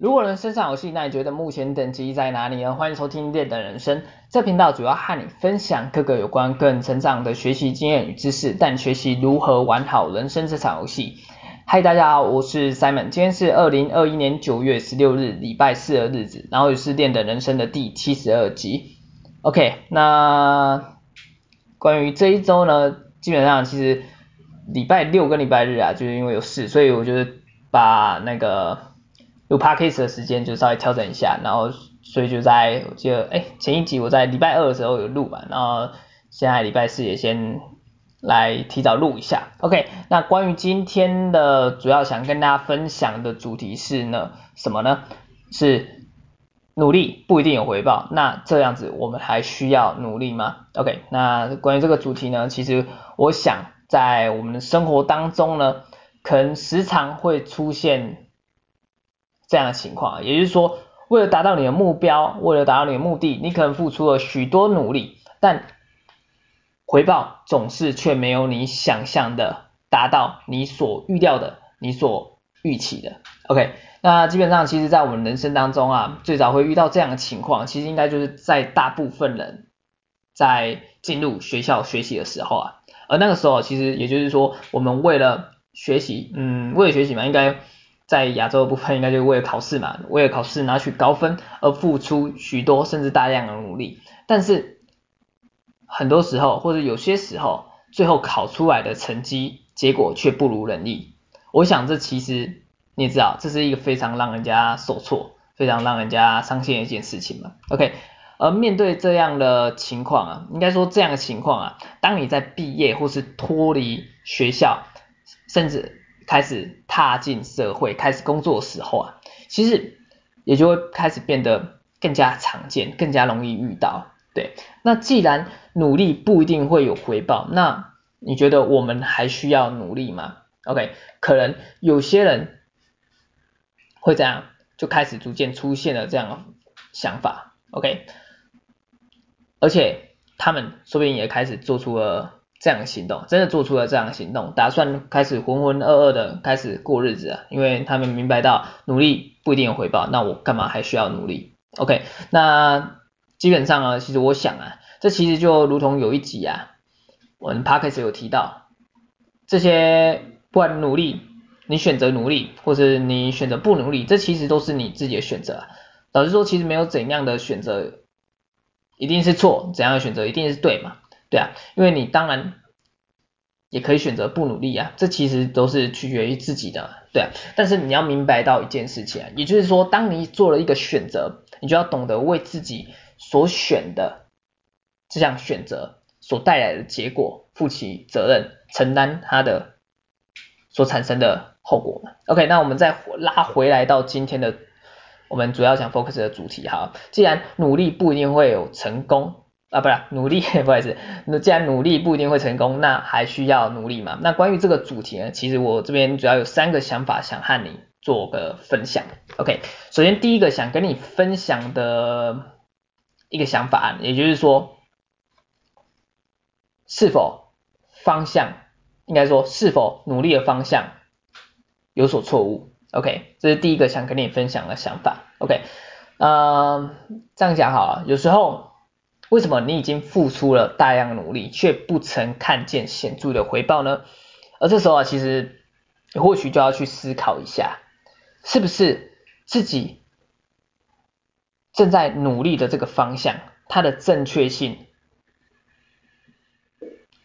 如果人生像遊戲，那你覺得目前等級在哪裡呢？歡迎收聽《練的人生》這頻道，主要和你分享各個有關個人成長的學習經驗與知識，但你學習如何玩好人生這場遊戲。嗨，大家好，我是 Simon，今天是二零二一年九月十六日，禮拜四的日子，然後也是《練的人生》的第七十二集。OK，那關於這一周呢，基本上其實禮拜六跟禮拜日啊，就是因為有事，所以我就是把那個。有 Podcast 的時間就稍微調整一下，然後所以就在我記得哎、欸，前一集我在禮拜二的時候有錄嘛，然後現在禮拜四也先來提早錄一下。OK，那關於今天的主要想跟大家分享的主題是呢什麼呢？是努力不一定有回報，那這樣子我們還需要努力嗎？OK，那關於這個主題呢，其實我想在我們的生活當中呢，可能時常會出現。這樣的情況，也就是說，為了達到你的目標，為了達到你的目的，你可能付出了許多努力，但回報總是卻沒有你想象的達到你所預料的、你所預期的。OK，那基本上其實在我們人生當中啊，最早會遇到這樣的情況，其實應該就是在大部分人在進入學校學習的時候啊，而那個時候其實也就是說，我們為了學習，嗯，為了學習嘛，應該。在亞洲的部分，應該就是為了考試嘛，為了考試拿取高分，而付出許多甚至大量的努力，但是很多時候或者有些時候，最後考出來的成績結果卻不如人意。我想這其實你也知道，這是一個非常讓人家受挫、非常讓人家傷心的一件事情嘛。OK，而面對這樣的情況啊，應該說這樣的情況啊，當你在畢業或是脫離學校，甚至開始。踏進社會開始工作的時候啊，其實也就會開始變得更加常見，更加容易遇到。對，那既然努力不一定會有回報，那你覺得我們還需要努力嗎？OK，可能有些人會這樣，就開始逐漸出現了這樣想法。OK，而且他們說不定也開始做出了。這樣的行動，真的做出了這樣的行動，打算開始渾渾噩噩的開始過日子啊，因為他們明白到努力不一定有回報，那我幹嘛還需要努力？OK，那基本上啊，其實我想啊，這其實就如同有一集啊，我們 Podcast 有提到，這些不管努力，你選擇努力，或是你選擇不努力，這其實都是你自己的選擇。老實說，其實沒有怎樣的選擇一定是錯，怎樣的選擇一定是對嘛。對啊，因為你當然也可以選擇不努力啊，這其實都是取決於自己的，對啊。但是你要明白到一件事情啊，也就是說，當你做了一個選擇，你就要懂得為自己所選的這項選擇所帶來的結果負起責任，承擔它的所產生的後果。OK，那我們再拉回來到今天的我們主要想 focus 的主題哈，既然努力不一定會有成功。啊，不是努力，不好意思。那既然努力不一定會成功，那還需要努力嗎？那關於這個主題呢，其實我這邊主要有三個想法想和你做個分享。OK，首先第一個想跟你分享的一個想法，也就是說，是否方向，應該說是否努力的方向有所錯誤？OK，這是第一個想跟你分享的想法。OK，嗯，呃，這樣講好了，有時候。為什麼你已經付出了大量努力，卻不曾看見顯著的回報呢？而這時候啊，其實或許就要去思考一下，是不是自己正在努力的這個方向，它的正確性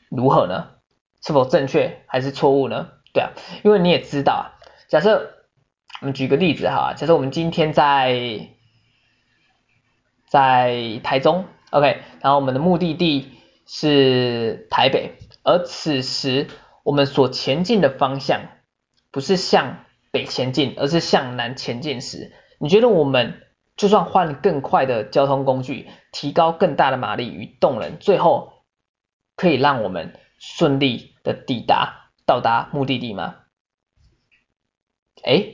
如何呢？是否正確還是錯誤呢？對啊，因為你也知道啊，假設我們舉個例子哈，假設我們今天在在台中。OK，然後我們的目的地是台北，而此時我們所前進的方向不是向北前進，而是向南前進時，你覺得我們就算換更快的交通工具，提高更大的馬力與動能，最後可以讓我們順利的抵達到達目的地嗎？哎，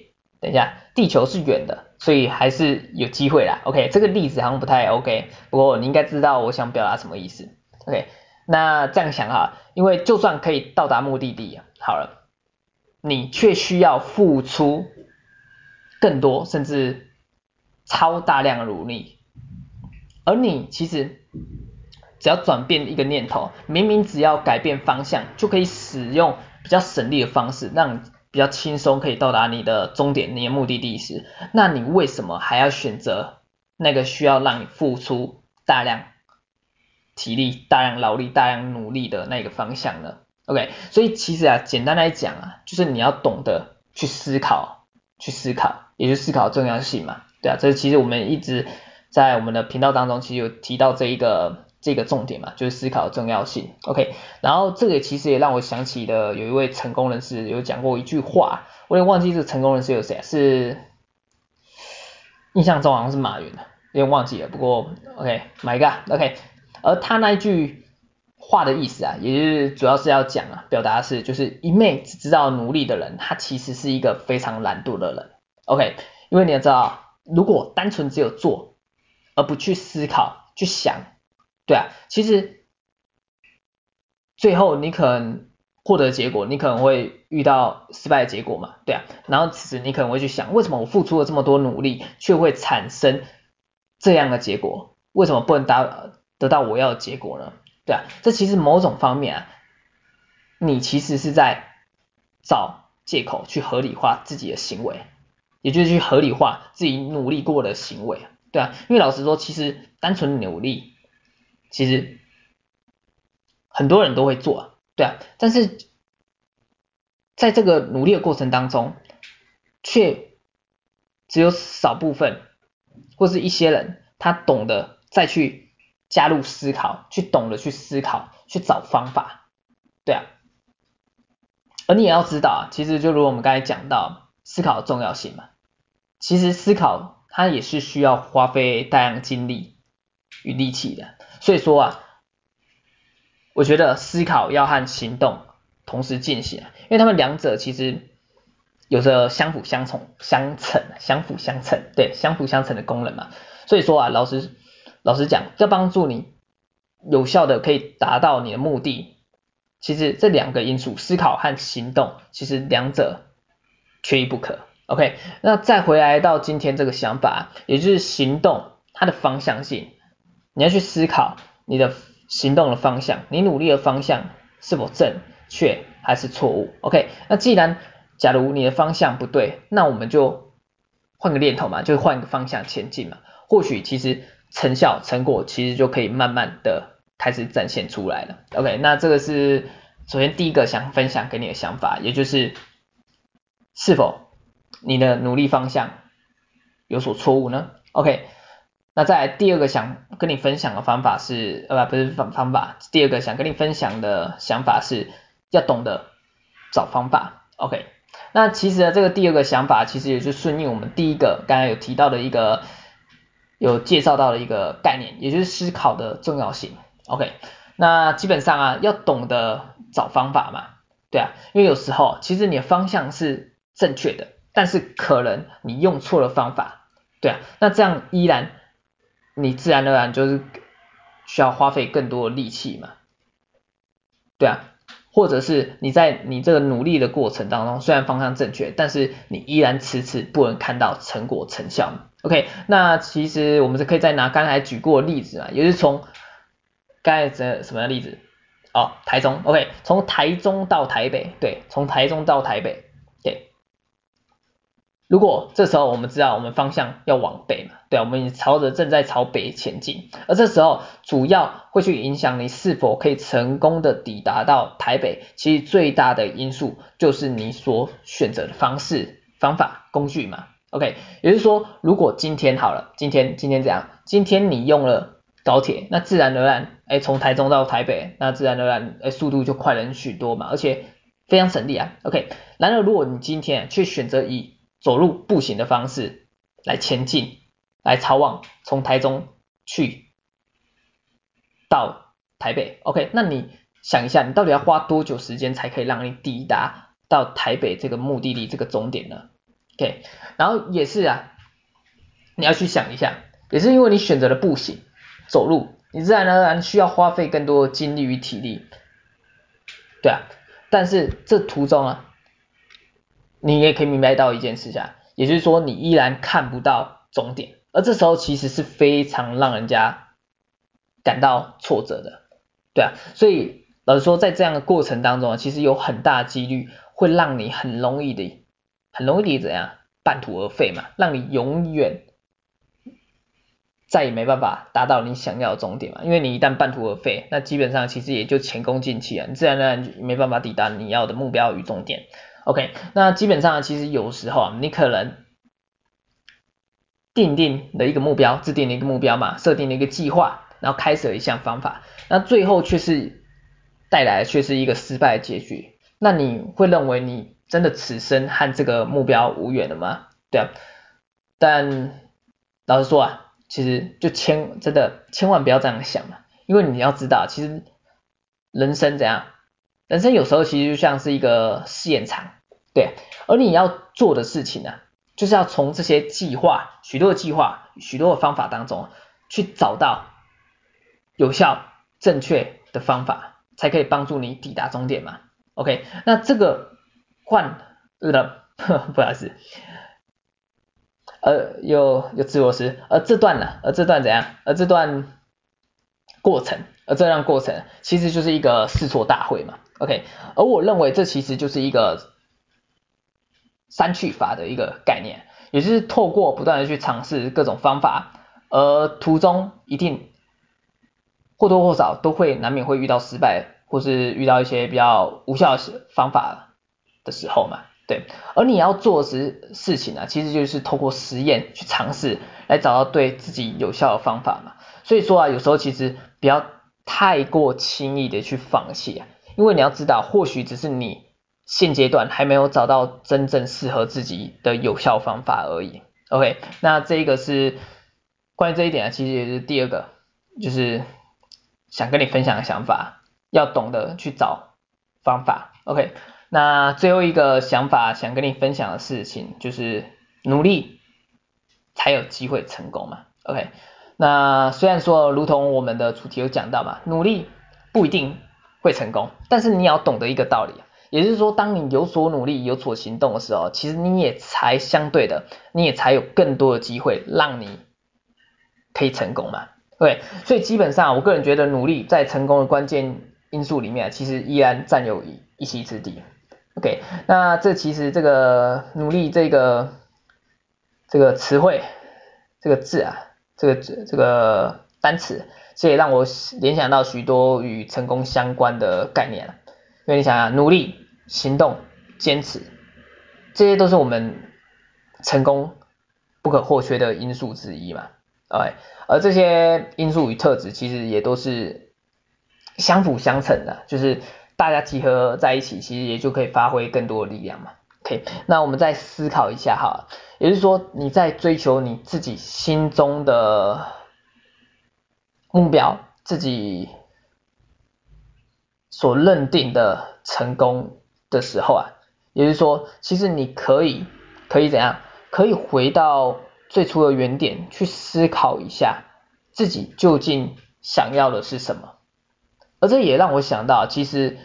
等一下，地球是圓的。所以還是有機會啦，OK？這個例子好像不太 OK，不過你應該知道我想表達什麼意思，OK？那這樣想哈，因為就算可以到達目的地，好了，你卻需要付出更多，甚至超大量的努力，而你其實只要轉變一個念頭，明明只要改變方向，就可以使用比較省力的方式讓你。比較輕鬆可以到達你的終點，你的目的地時，那你為什麼還要選擇那個需要讓你付出大量體力、大量勞力、大量努力的那個方向呢？OK，所以其實啊，簡單來講啊，就是你要懂得去思考，去思考，也就是思考重要性嘛，對啊，這其實我們一直在我們的頻道當中，其實有提到這一個。這個重點嘛，就是思考的重要性。OK，然後這個其實也讓我想起了有一位成功人士有講過一句話，我也忘記這個成功人士有誰啊，是印象中好像是馬雲的，有點忘記了。不過 OK，My God，OK，而他那一句話的意思啊，也就是主要是要講啊，表達的是就是一味只知道努力的人，他其實是一個非常懶惰的人。OK，因為你要知道，如果單純只有做而不去思考、去想。對啊，其實最後你可能獲得的結果，你可能會遇到失敗的結果嘛，對啊，然後此時你可能會去想，為什麼我付出了這麼多努力，卻會產生這樣的結果？為什麼不能達得，得到我要的結果呢？對啊，這其實某種方面啊，你其實是在找借口去合理化自己的行為，也就是去合理化自己努力過的行為，對啊，因為老實說，其實單純努力。其實很多人都會做，對啊，但是在這個努力的過程當中，卻只有少部分或是一些人，他懂得再去加入思考，去懂得去思考，去找方法，對啊。而你也要知道啊，其實就如我們剛才講到思考的重要性嘛，其實思考它也是需要花費大量精力，與力氣的，所以說啊，我覺得思考要和行動同時進行，因為他們兩者其實有着相輔相成、相成、相輔相成，對，相輔相成的功能嘛。所以說啊，老實老實講，要幫助你有效的可以達到你的目的，其實這兩個因素，思考和行動，其實兩者缺一不可。OK，那再回來到今天這個想法，也就是行動它的方向性。你要去思考你的行動的方向，你努力的方向是否正確還是錯誤？OK，那既然假如你的方向不對，那我們就換個念頭嘛，就換個方向前進嘛，或許其實成效成果其實就可以慢慢的開始展現出來了。OK，那這個是首先第一個想分享給你的想法，也就是是否你的努力方向有所錯誤呢？OK。那再來第二個想跟你分享的方法是，呃，不是方方法，第二個想跟你分享的想法是要懂得找方法，OK？那其實呢這個第二個想法其實也是順應我們第一個剛剛有提到的一個，有介紹到的一個概念，也就是思考的重要性，OK？那基本上啊，要懂得找方法嘛，對啊，因為有時候其實你的方向是正確的，但是可能你用錯了方法，對啊，那這樣依然。你自然而然就是需要花費更多的力氣嘛，對啊，或者是你在你這個努力的過程當中，雖然方向正確，但是你依然遲遲不能看到成果成效。OK，那其實我們是可以再拿剛才舉過的例子啊，也就是從剛才的什麼樣的例子？哦，台中，OK，從台中到台北，對，從台中到台北。如果這時候我們知道我們方向要往北嘛，對啊，我們朝着正在朝北前進。而這時候主要會去影響你是否可以成功的抵達到台北，其實最大的因素就是你所選擇的方式、方法、工具嘛。OK，也就是說，如果今天好了，今天今天這樣，今天你用了高鐵，那自然而然，哎，從台中到台北，那自然而然，哎，速度就快了許多嘛，而且非常省力啊。OK，然而如果你今天去選擇以走路步行的方式來前進，來朝望從台中去到台北，OK？那你想一下，你到底要花多久時間才可以讓你抵達到台北這個目的地這個終點呢？OK？然後也是啊，你要去想一下，也是因為你選擇了步行走路，你自然而然需要花費更多的精力與體力，對啊。但是這途中啊。你也可以明白到一件事情，也就是說你依然看不到終點，而這時候其實是非常讓人家感到挫折的，對啊，所以老實說在這樣的過程當中啊，其實有很大幾率會讓你很容易的，很容易的怎樣，半途而廢嘛，讓你永遠再也沒辦法達到你想要的終點嘛，因為你一旦半途而廢，那基本上其實也就前功盡棄了，你自然而然就沒辦法抵達你要的目標與終點。OK，那基本上其實有時候啊，你可能定定的一個目標，制定了一個目標嘛，設定了一個計劃，然後開始了一項方法，那最後卻是帶來的卻是一個失敗的結局。那你會認為你真的此生和這個目標無緣了嗎？對啊，但老實說啊，其實就千，真的千萬不要這樣想嘛，因為你要知道，其實人生怎樣？人生有時候其實就像是一個試驗場，對、啊，而你要做的事情呢、啊，就是要從這些計劃、許多的計劃、許多的方法當中，去找到有效、正確的方法，才可以幫助你抵達終點嘛。OK，那這個換，呃，不好意思，呃，有有自我師，而、呃、這段呢、啊，而、呃、這段怎樣？而、呃、這段過程，而、呃、這段過程其實就是一個試錯大會嘛。OK，而我認為這其實就是一個刪去法的一個概念，也就是透過不斷的去嘗試各種方法，而途中一定或多或少都會難免會遇到失敗，或是遇到一些比較無效的方法的時候嘛，對。而你要做的事情呢、啊，其實就是透過實驗去嘗試，來找到對自己有效的方法嘛。所以說啊，有時候其實不要太過輕易的去放棄啊。因為你要知道，或許只是你現階段還沒有找到真正適合自己的有效方法而已。OK，那這一個是關於這一點啊，其實也是第二個，就是想跟你分享的想法，要懂得去找方法。OK，那最後一個想法想跟你分享的事情就是努力才有機會成功嘛。OK，那雖然說，如同我們的主題有講到嘛，努力不一定。會成功，但是你要懂得一個道理，也就是說，當你有所努力、有所行動的時候，其實你也才相對的，你也才有更多的機會讓你可以成功嘛。對，OK，所以基本上，我個人覺得努力在成功的關鍵因素裡面，其實依然占有一席之地。OK，那這其實這個努力這個這個詞彙這個字啊，這個這個。單詞，這也讓我聯想到許多與成功相關的概念。因為你想想，努力、行動、堅持，這些都是我們成功不可或缺的因素之一嘛。Okay, 而這些因素與特質其實也都是相輔相成的，就是大家集合在一起，其實也就可以發揮更多的力量嘛。OK，那我們再思考一下哈，也就是說你在追求你自己心中的。目標，自己所認定的成功的時候啊，也就是說，其實你可以可以怎樣？可以回到最初的原點去思考一下，自己究竟想要的是什麼。而這也讓我想到，其實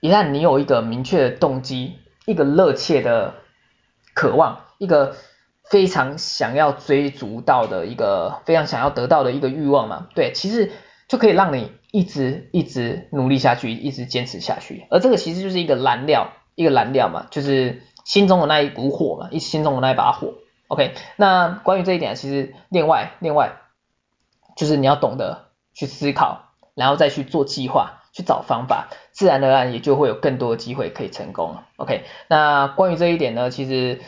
一旦你有一個明確的動機，一個熱切的渴望，一個非常想要追逐到的一個，非常想要得到的一個慾望嘛，對，其實就可以讓你一直一直努力下去，一直堅持下去。而這個其實就是一個燃料，一個燃料嘛，就是心中的那一股火嘛，一心中的那一把火。OK，那關於這一點，其實另外另外就是你要懂得去思考，然後再去做計劃，去找方法，自然而然也就會有更多的機會可以成功了。OK，那關於這一點呢，其實。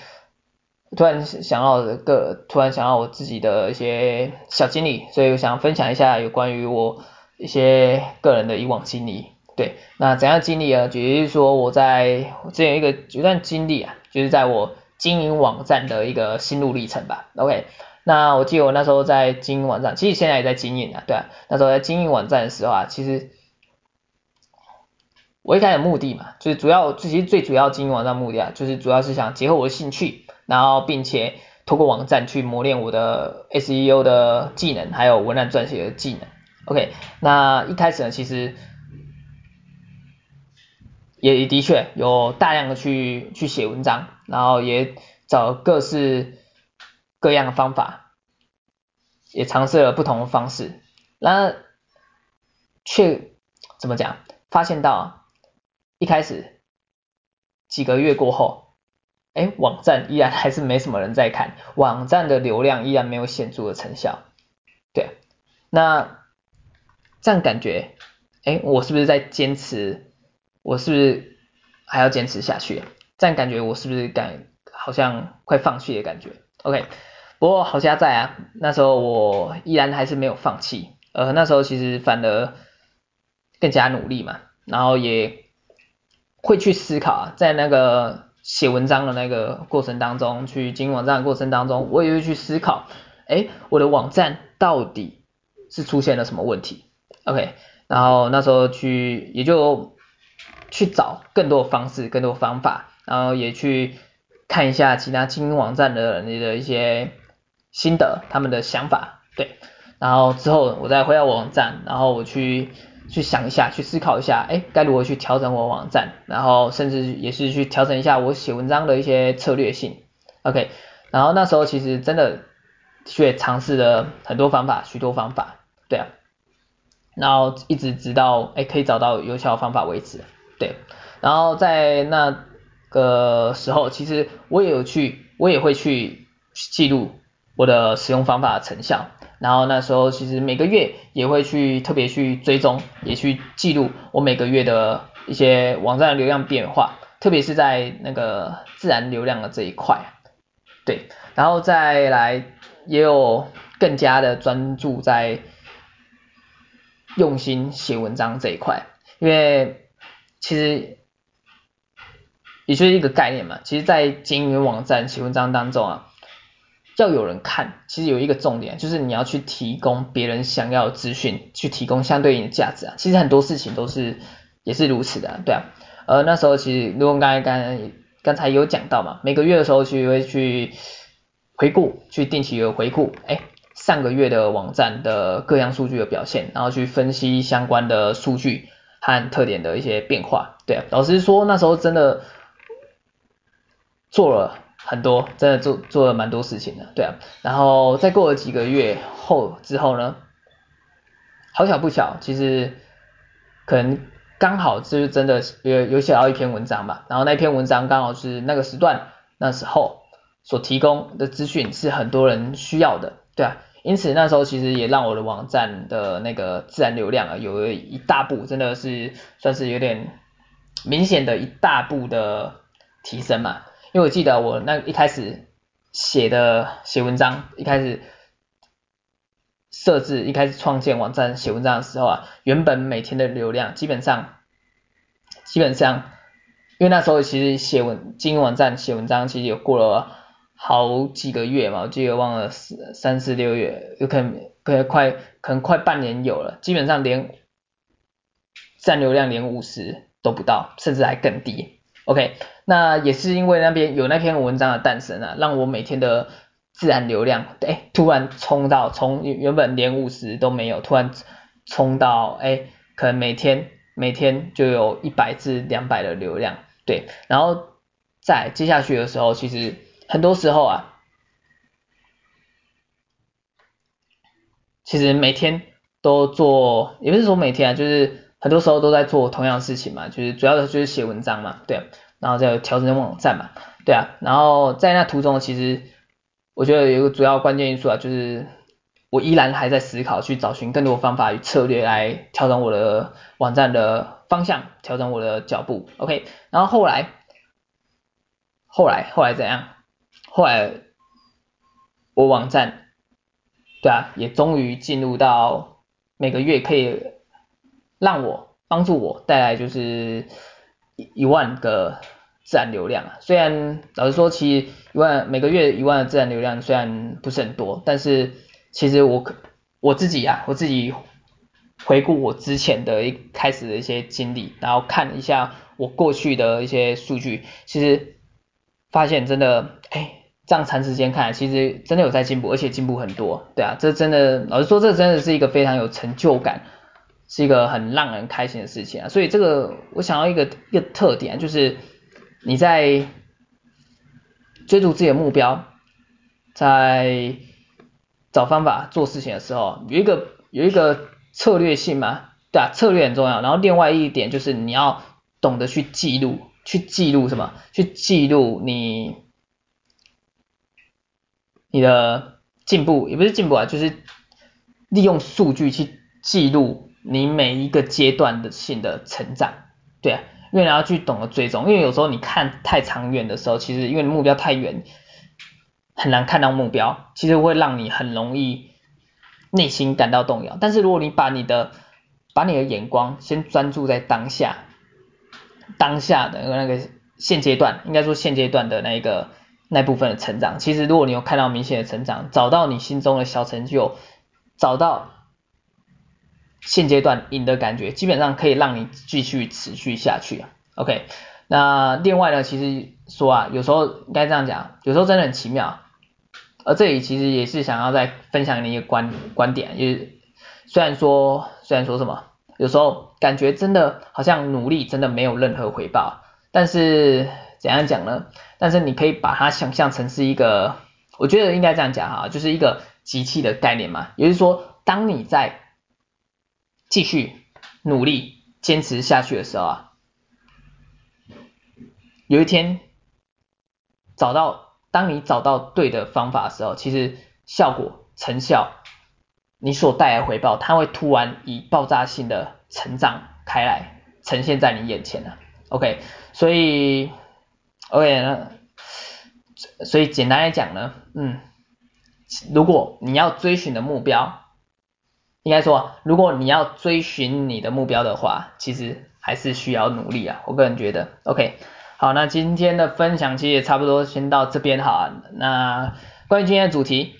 突然想到個，突然想到我自己的一些小經歷，所以我想分享一下有關於我一些個人的以往經歷。對，那怎樣經歷啊？也就是說我在這樣一個一段經歷啊，就是在我經營網站的一個心路歷程吧。OK，那我記得我那時候在經營網站，其實現在也在經營啊。對啊，那時候在經營網站的時候啊，其實我一開始目的嘛，就是主要，其實最主要經營網站目的啊，就是主要是想結合我的興趣。然後，並且通過網站去磨練我的 SEO 的技能，還有文案撰寫的技能。OK，那一開始呢，其實也的確有大量的去去寫文章，然後也找各式各樣的方法，也嘗試了不同的方式，那卻怎麼講？發現到、啊、一開始幾個月過後。哎，網站依然還是沒什麼人在看，網站的流量依然沒有顯著的成效。對，那這樣感覺，哎，我是不是在堅持？我是不是還要堅持下去？這樣感覺我是不是感好像快放棄的感覺？OK，不過好佳在啊，那時候我依然還是沒有放棄。呃，那時候其實反而更加努力嘛，然後也會去思考、啊，在那個。寫文章的那個過程當中，去經營網站的過程當中，我也會去思考，哎，我的網站到底是出現了什麼問題？OK，然後那時候去也就去找更多方式、更多方法，然後也去看一下其他經營網站的人的一些心得、他們的想法，對，然後之後我再回到網站，然後我去。去想一下，去思考一下，哎，該如何去調整我網站，然後甚至也是去調整一下我寫文章的一些策略性，OK，然後那時候其實真的去嘗試了很多方法，許多方法，對啊，然後一直直到，哎，可以找到有效方法為止，對，然後在那個時候其實我也有去，我也會去記錄我的使用方法的成效。然後那時候其實每個月也會去特別去追蹤，也去記錄我每個月的一些網站的流量變化，特別是在那個自然流量的這一塊，對，然後再來也有更加的專注在用心寫文章這一塊，因為其實也就是一個概念嘛，其實，在經營網站寫文章當中啊。要有人看，其實有一個重點，就是你要去提供別人想要資訊，去提供相對應的價值啊。其實很多事情都是也是如此的、啊，對啊。呃，那時候其實，如果剛才剛剛才有講到嘛，每個月的時候其實會去回顧，去定期的回顧，哎，上個月的網站的各項數據的表現，然後去分析相關的數據和特點的一些變化。對、啊，老實說，那時候真的做了。很多真的做做了蠻多事情的，對啊，然後再過了幾個月後之後呢，好巧不巧，其實可能剛好就是真的有有寫到一篇文章吧，然後那篇文章剛好是那個時段那時候所提供的資訊是很多人需要的，對啊，因此那時候其實也讓我的網站的那個自然流量啊，有了一大步，真的是算是有點明顯的一大步的提升嘛。因為我記得我那一開始寫的寫文章，一開始設置，一開始創建網站寫文章的時候啊，原本每天的流量基本上，基本上，因為那時候其實寫文經營網站寫文章，其實也過了好幾個月嘛，我記得忘了三四六月，有可能可能快可能快半年有了，基本上連站流量連五十都不到，甚至還更低。OK，那也是因為那邊有那篇文章的誕生啊，讓我每天的自然流量，對、欸，突然衝到從原本連五十都沒有，突然衝到哎、欸，可能每天每天就有一百至兩百的流量，對，然後在接下去的時候，其實很多時候啊，其實每天都做，也不是說每天啊，就是。很多時候都在做同樣的事情嘛，就是主要的就是寫文章嘛，對啊，然後再調整網站嘛，對啊，然後在那途中，其實我覺得有一個主要關鍵因素啊，就是我依然還在思考，去找尋更多方法與策略來調整我的網站的方向，調整我的腳步，OK，然後後來，後來後來怎樣？後來我網站，對啊，也終於進入到每個月可以。讓我幫助我帶來，就是一,一萬個自然流量啊！雖然老實說，其實一萬，每個月一萬的自然流量雖然不是很多，但是其實我我自己啊，我自己回顧我之前的一開始的一些經歷，然後看一下我過去的一些數據，其實發現真的哎，這樣長時間看，其實真的有在進步，而且進步很多，對啊，這真的老實說，這真的是一個非常有成就感。是一個很讓人開心的事情啊，所以這個我想要一個一個特點，就是你在追逐自己的目標，在找方法做事情的時候，有一個有一個策略性嘛，對啊，策略很重要。然後另外一點就是你要懂得去記錄，去記錄什麼？去記錄你你的進步，也不是進步啊，就是利用數據去記錄。你每一個階段的性的成長，對啊，因為你要去懂得追蹤，因為有時候你看太長遠的時候，其實因為目標太遠，很難看到目標，其實會讓你很容易內心感到動搖。但是如果你把你的把你的眼光先專注在當下，當下的那個現階段，應該說現階段的那一個那部分的成長，其實如果你有看到明顯的成長，找到你心中的小成就，找到。現階段贏的感覺，基本上可以讓你繼續持續下去 OK，那另外呢，其實說啊，有時候應該這樣講，有時候真的很奇妙，而這裡其實也是想要再分享你一個觀觀點，就是雖然說，雖然說什麼，有時候感覺真的好像努力真的沒有任何回報，但是怎樣講呢？但是你可以把它想象成是一個，我覺得應該這樣講哈，就是一個集氣的概念嘛。也就是說，當你在繼續努力堅持下去的時候啊，有一天找到，當你找到對的方法的時候，其實效果成效你所帶來回報，它會突然以爆炸性的成長開來，呈現在你眼前了啊。OK，所以 OK 呢？所以簡單來講呢，嗯，如果你要追尋的目標。應該說，如果你要追尋你的目標的話，其實還是需要努力啊，我個人覺得。OK，好，那今天的分享其實也差不多，先到這邊哈。那關於今天的主題，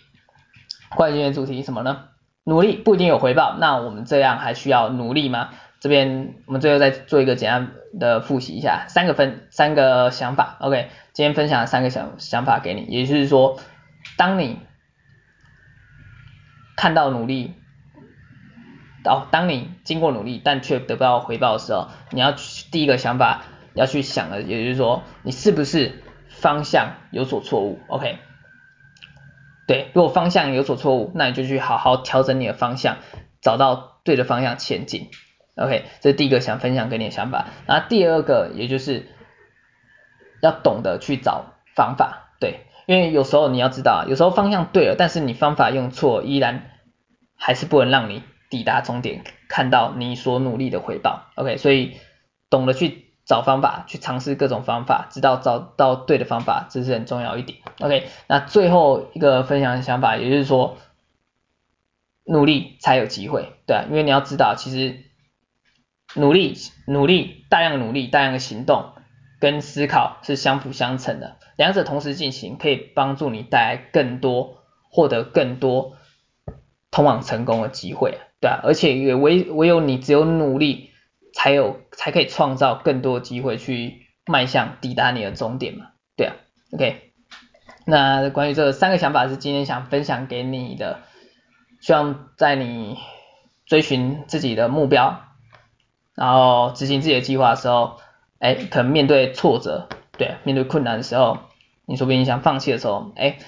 關於今天的主題什麼呢？努力不一定有回報，那我們這樣還需要努力嗎？這邊我們最後再做一個簡單的復習一下，三個分，三個想法，OK。今天分享三個想想法給你，也就是說，當你看到努力。然後、哦、當你經過努力但卻得不到回報的時候，你要去第一個想法要去想的，也就是說你是不是方向有所錯誤？OK，對，如果方向有所錯誤，那你就去好好調整你的方向，找到對的方向前進。OK，這是第一個想分享給你的想法。然後第二個，也就是要懂得去找方法，對，因為有時候你要知道，有時候方向對了，但是你方法用錯，依然還是不能讓你。抵達終點，看到你所努力的回報。OK，所以懂得去找方法，去嘗試各種方法，直到找到對的方法，這是很重要一點。OK，那最後一個分享的想法，也就是說，努力才有機會。對啊，因為你要知道，其實努力、努力、大量的努力、大量的行動跟思考是相輔相成的，兩者同時進行，可以幫助你帶來更多、獲得更多通往成功的機會。對啊，而且也唯唯有你只有努力，才有才可以創造更多的機會去邁向抵達你的終點嘛。對啊，OK。那關於這三個想法是今天想分享給你的，希望在你追尋自己的目標，然後執行自己的計劃的時候，哎，可能面對挫折，對啊，面對困難的時候，你說不定你想放棄的時候，哎，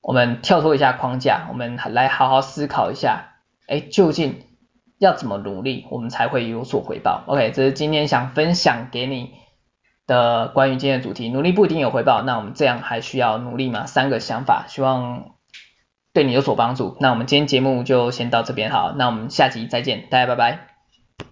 我們跳脫一下框架，我們來好好思考一下。哎，究竟要怎麼努力，我們才會有所回報？OK，這是今天想分享給你的關於今天的主題，努力不一定有回報，那我們這樣還需要努力嗎？三個想法，希望對你有所幫助。那我們今天節目就先到這邊，好，那我們下集再見，大家拜拜。